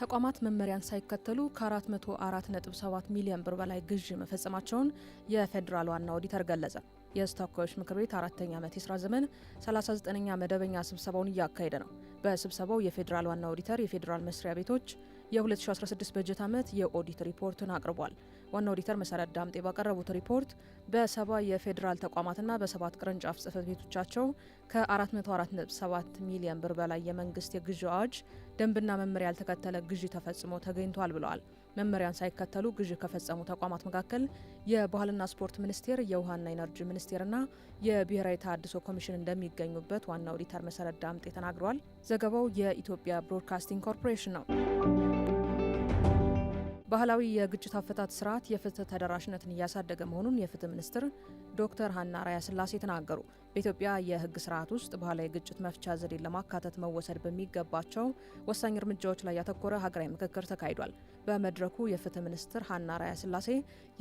ተቋማት መመሪያን ሳይከተሉ ከ404.7 ሚሊዮን ብር በላይ ግዥ መፈጸማቸውን የፌዴራል ዋና ኦዲተር ገለጸ። የተወካዮች ምክር ቤት አራተኛ ዓመት የስራ ዘመን 39ኛ መደበኛ ስብሰባውን እያካሄደ ነው። በስብሰባው የፌዴራል ዋና ኦዲተር የፌዴራል መስሪያ ቤቶች የ2016 በጀት ዓመት የኦዲት ሪፖርትን አቅርቧል። ዋና ኦዲተር መሰረት ዳምጤ ባቀረቡት ሪፖርት በሰባ የፌዴራል ተቋማትና በሰባት ቅርንጫፍ ጽህፈት ቤቶቻቸው ከ447 ሚሊዮን ብር በላይ የመንግስት የግዢ አዋጅ ደንብና መመሪያ ያልተከተለ ግዢ ተፈጽሞ ተገኝቷል ብለዋል። መመሪያን ሳይከተሉ ግዢ ከፈጸሙ ተቋማት መካከል የባህልና ስፖርት ሚኒስቴር፣ የውሃና ኢነርጂ ሚኒስቴርና የብሔራዊ ተሃድሶ ኮሚሽን እንደሚገኙበት ዋና ኦዲተር መሰረት ዳምጤ ተናግረዋል። ዘገባው የኢትዮጵያ ብሮድካስቲንግ ኮርፖሬሽን ነው። ባህላዊ የግጭት አፈታት ስርዓት የፍትህ ተደራሽነትን እያሳደገ መሆኑን የፍትህ ሚኒስትር ዶክተር ሀና ራያ ስላሴ ተናገሩ። በኢትዮጵያ የህግ ስርዓት ውስጥ ባህላዊ ግጭት መፍቻ ዘዴን ለማካተት መወሰድ በሚገባቸው ወሳኝ እርምጃዎች ላይ ያተኮረ ሀገራዊ ምክክር ተካሂዷል። በመድረኩ የፍትህ ሚኒስትር ሀና ራያ ስላሴ፣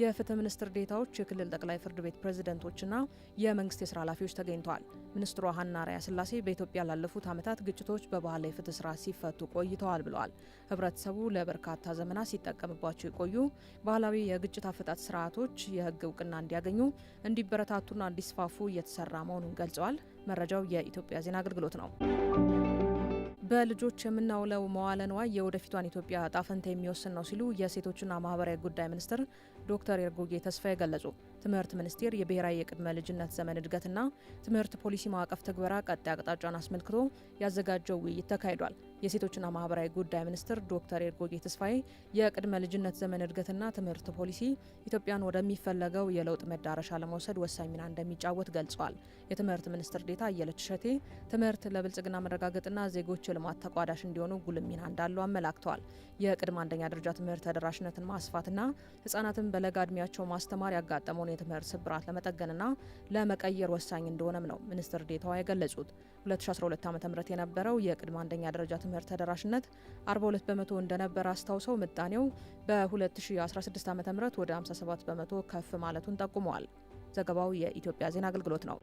የፍትህ ሚኒስትር ዴታዎች፣ የክልል ጠቅላይ ፍርድ ቤት ፕሬዝደንቶችና የመንግስት የስራ ኃላፊዎች ተገኝተዋል። ሚኒስትሯ ሀና ራያ ስላሴ በኢትዮጵያ ላለፉት ዓመታት ግጭቶች በባህላዊ ፍትህ ስርዓት ሲፈቱ ቆይተዋል ብለዋል። ህብረተሰቡ ለበርካታ ዘመናት ሲጠቀምባቸው የቆዩ ባህላዊ የግጭት አፈጣት ስርዓቶች የህግ እውቅና እንዲያገኙ እንዲ እንዲበረታቱና እንዲስፋፉ እየተሰራ መሆኑን ገልጸዋል። መረጃው የኢትዮጵያ ዜና አገልግሎት ነው። በልጆች የምናውለው መዋለ ንዋይ የወደፊቷን ኢትዮጵያ ጣፈንታ የሚወስን ነው ሲሉ የሴቶችና ማህበራዊ ጉዳይ ሚኒስትር ዶክተር ኤርጎጌ ተስፋዬ ገለጹ። ትምህርት ሚኒስቴር የብሔራዊ የቅድመ ልጅነት ዘመን እድገትና ትምህርት ፖሊሲ ማዕቀፍ ትግበራ ቀጣይ አቅጣጫን አስመልክቶ ያዘጋጀው ውይይት ተካሂዷል። የሴቶችና ማህበራዊ ጉዳይ ሚኒስትር ዶክተር ኤርጎጌ ተስፋዬ የቅድመ ልጅነት ዘመን እድገትና ትምህርት ፖሊሲ ኢትዮጵያን ወደሚፈለገው የለውጥ መዳረሻ ለመውሰድ ወሳኝ ሚና እንደሚጫወት ገልጸዋል። የትምህርት ሚኒስትር ዴታ አየለች እሸቴ ትምህርት ለብልጽግና መረጋገጥና ዜጎች ልማት ተቋዳሽ እንዲሆኑ ጉልህ ሚና እንዳለው አመላክተዋል። የቅድመ አንደኛ ደረጃ ትምህርት ተደራሽነትን ማስፋትና ህጻናትን በለጋ እድሜያቸው ማስተማር ያጋጠመውን የትምህርት ስብራት ለመጠገንና ለመቀየር ወሳኝ እንደሆነም ነው ሚኒስትር ዴታዋ የገለጹት። 2012 ዓ ም የነበረው የቅድመ አንደኛ ደረጃ ትምህርት ተደራሽነት 42 በመቶ እንደነበረ አስታውሰው ምጣኔው በ2016 ዓ ም ወደ 57 በመቶ ከፍ ማለቱን ጠቁመዋል። ዘገባው የኢትዮጵያ ዜና አገልግሎት ነው።